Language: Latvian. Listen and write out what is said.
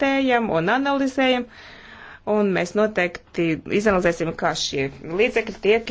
vērtējam un analizējam, un mēs noteikti izanalizēsim, kā šie līdzekļi tiek